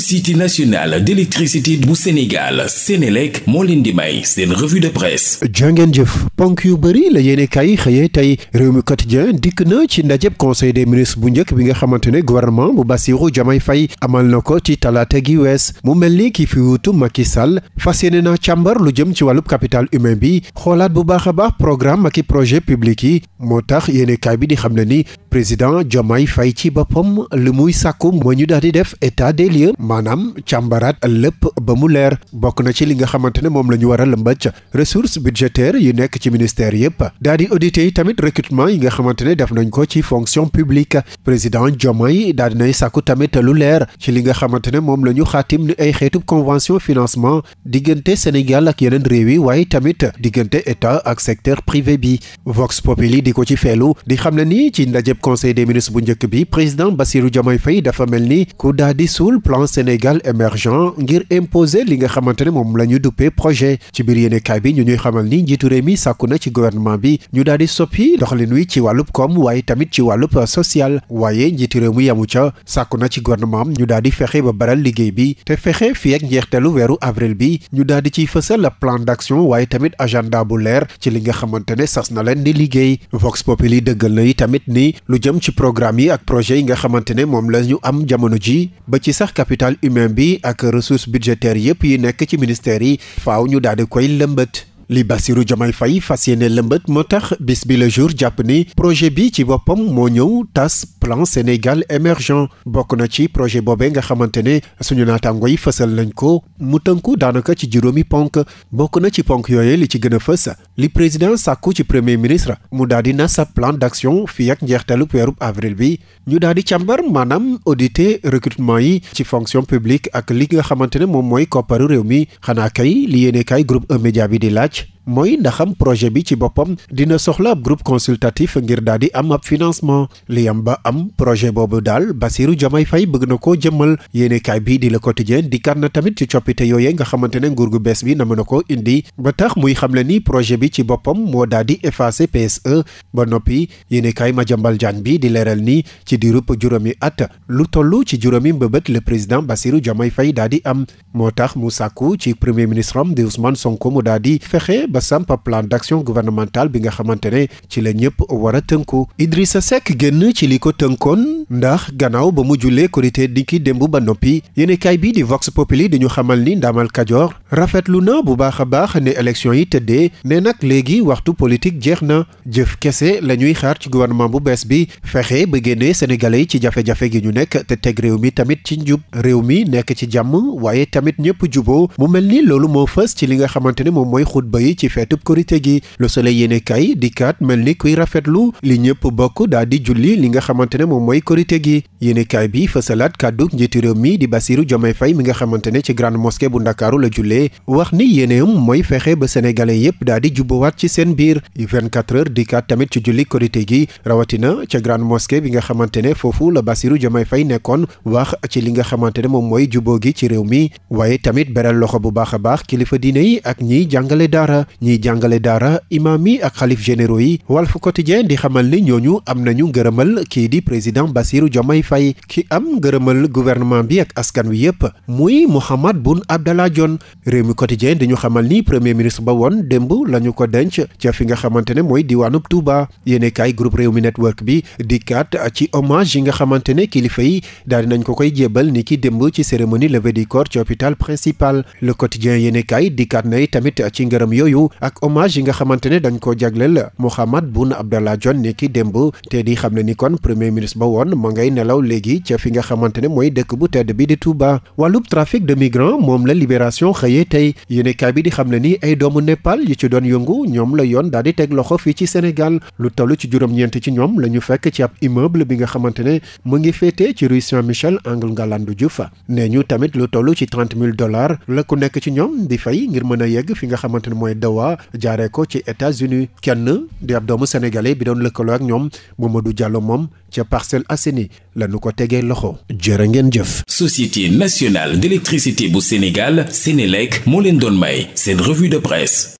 société nationale d'électricité bu Sénégal Sénélec moo leen di may seen revue de presse jàngeen jëf ponk yu bëri la yéene kay xëyee tey réew mi quotidien dikk na ci ndajeb conseil des ministres bu njëkk bi nga xamante ne gouvernement bu Bassirou Diomaye fay amal na ko ci talaata gi wees mu mel ni kii fi wutu Macky Sall fas yéene na càmbar lu jëm ci wàllu capital humain bi xoolaat bu baax a baax programme ak i projet public yi moo tax yéene bi di xam ne ni président Diomaye fay ci boppam li muy sàkku moo ñu daal di def état des lieux maanaam càmbaraat lépp ba mu leer bokk na ci li nga xamante ne moom la ñu war a lëmbëcc ressources budgétaires yi nekk ci ministère yëpp daa di audité yi tamit recrutement yi nga xamante ne def nañ ko ci fonction publique président Diomaye daa nay sàkku tamit lu leer ci li nga xamante ne moom la ñu xaatim ni ay xeetu convention financement diggante Sénégal ak yeneen réew yi waaye tamit diggante état ak secteur privé bi Vox Populi di ko ci feelu di xam ne ni ci ndajeb conseil des ministres bu njëkk bi président Bassirou Diomaye Faye plan Sénégal émergent ngir imposer li nga xamante ne moom la ñu duppee projet ci biir yéenekaay bi ñu ñuy xamal ni njiitu réew mi sàkku na ci gouvernement bi ñu daal di soppi doxalin wi ci wàllu koom waaye tamit ci wàllub social waaye njiitu réew mi yamu ca sàkku na ci gouvernement am ñu daal di fexe ba baral liggéey bi te fexe fi ak njeexteelu weeru avril bi ñu daal di ciy fësal plan d'action waaye tamit agenda bu leer ci li nga xamante ne sas na leen di liggéey Vox Populi dëggal na yi tamit ni lu jëm ci programme yi ak projet yi nga xamante moom la ñu am jamono ji capital humain bi ak ressources budgétaires yëpp yi nekk ci ministères yi faaw ñu daal di koy lëmbët li Bassirou Diomaye fay fas yéene lëmbët moo tax bis bi la jour jàpp ni projet bi ci boppam moo ñëw tas plan Sénégal émergent bokk na ci projet boobee nga xamante ne suñu naataango yi fësal nañ ko mu tënku daanaka ci juróomi ponk bokk na ci ponk yooyee li ci gën a fës li président sàkku ci premier ministre mu daal di na sa plan d'action fii ak njeextalu weerub avril bi ñu daal di càmbar maanaam auditer recrutement yi ci fonction publique ak li nga xamante ne moom mooy kopparu réew mi xanaa kay li yéene kay groupe E-Média bi di laaj mooy ndaxam projet bi ci boppam dina soxla ab groupe consultatif ngir daal di am ab financement li am ba am projet boobu daal Bassirou Diomaye Faye bëgg na koo jëmmal yéenekaay bi di la Le di kar na tamit ci coppite yooyee nga xamante ne nguur gu bees bi na mën na ko indi ba tax muy xamle ni projet bi ci boppam moo daal di effacer PSE ba noppi yéenekaay Madiambal Diagne bi di la leeral ni ci di diirub juróomi at lu toll ci juróomi mbëbët la président Bassirou Diomaye Faye daal di am moo tax mu sàkku ci premier ministre am di Ousmane Sonko mu daal di fexe ba samp plan d'action gouvernemental bi nga xamante ne ci la ñëpp war a tënku Idrissa sekk génn ci li ko tënkoon ndax gannaaw ba mu jullee korité di ki démb ba noppi yéenekaay bi di Vox Populi di ñu xamal ni Ndamal Kajoor rafetlu na bu baax a baax ne élection yi tëddee nee nag léegi waxtu politique jeex na jëf kese la ñuy xaar ci gouvernement bu bees bi fexe ba génnee sénégalais yi ci jafe-jafe gi ñu nekk te teg réew mi tamit ci njub réew mi nekk ci jàmm waaye tamit ñëpp juboo mu mel ni loolu moo fës li nga xamante ne moom mooy xutba ci feetub korite gi le soleil yéene kay di kaat mel ni kuy rafetlu li ñëpp bokk daa di julli li nga xamante ne moom mooy korite gi yéene kaay bi fësalaat kàddu njiitu réew mii di Bassirou Diomaye Faye mi nga xamante ne ci grande mosquée bu ndakaaru la jullee wax ni yéeneem mooy fexe ba sénégalais yépp daa di jubbawaat ci seen biir 24 heures di kaat tamit ci julli korite gi rawatina ca grande mosquée bi nga xamante ne foofu la Bassirou Diomaye Faye nekkoon wax ci li nga xamante ne moom mooy juboo gi ci réew mi waaye a ñiy jàngale daara imaam yi ak xalif généraux yi Walf Quotidien di xamal ni ñooñu am nañu ngërëmal kii di président Bassirou Diomaye fay ki am ngërëmal gouvernement bi ak askan wi yépp muy Mahammed Boun Abdallah Dionne Rewmi Quotidien di ñu xamal ni premier ministre ba woon démb la ñu ko denc ca fi nga xamante ne mooy diwaanub Touba yéene kaay groupe Rewmi Network bi di kat ci hommage yi nga xamante ne kilifa yi daal dinañ ko koy jébbal ni ki démb ci cérémonie levée du corps ci hôpital principal le quotidien yéene kaay di kat na tamit ci ngërëm yooyu noonu ak hommage yi nga xamante ne dañ koo jagleel Mohamed Boun Abdallah Dionne ni démb te di xam ni kon premier ministre ba woon ma ngay nelaw léegi ca fi nga xamante mooy dëkk bu tedd bi di Touba. wàllub trafic de migrants moom la libération xëyee tey yéenekaay bi di xam ni ay doomu Népal yi ci doon yëngu ñoom la yoon daal teg loxo fii ci Sénégal lu toll ci ci ñoom la fekk ci ab immeuble bi nga xamante mu ngi féetee ci rue Saint-Michel angle a Iowa jaaree ko ci États-Unis kenn di ab doomu sénégalais bi doon lëkkaloo ak ñoom du Diallo moom ca Parcelles Assainies lañu ko tegee loxo jërë ngeen jëf. Société nationale d'électricité bu Sénégal Sénélec moo leen doon may seen revue de presse.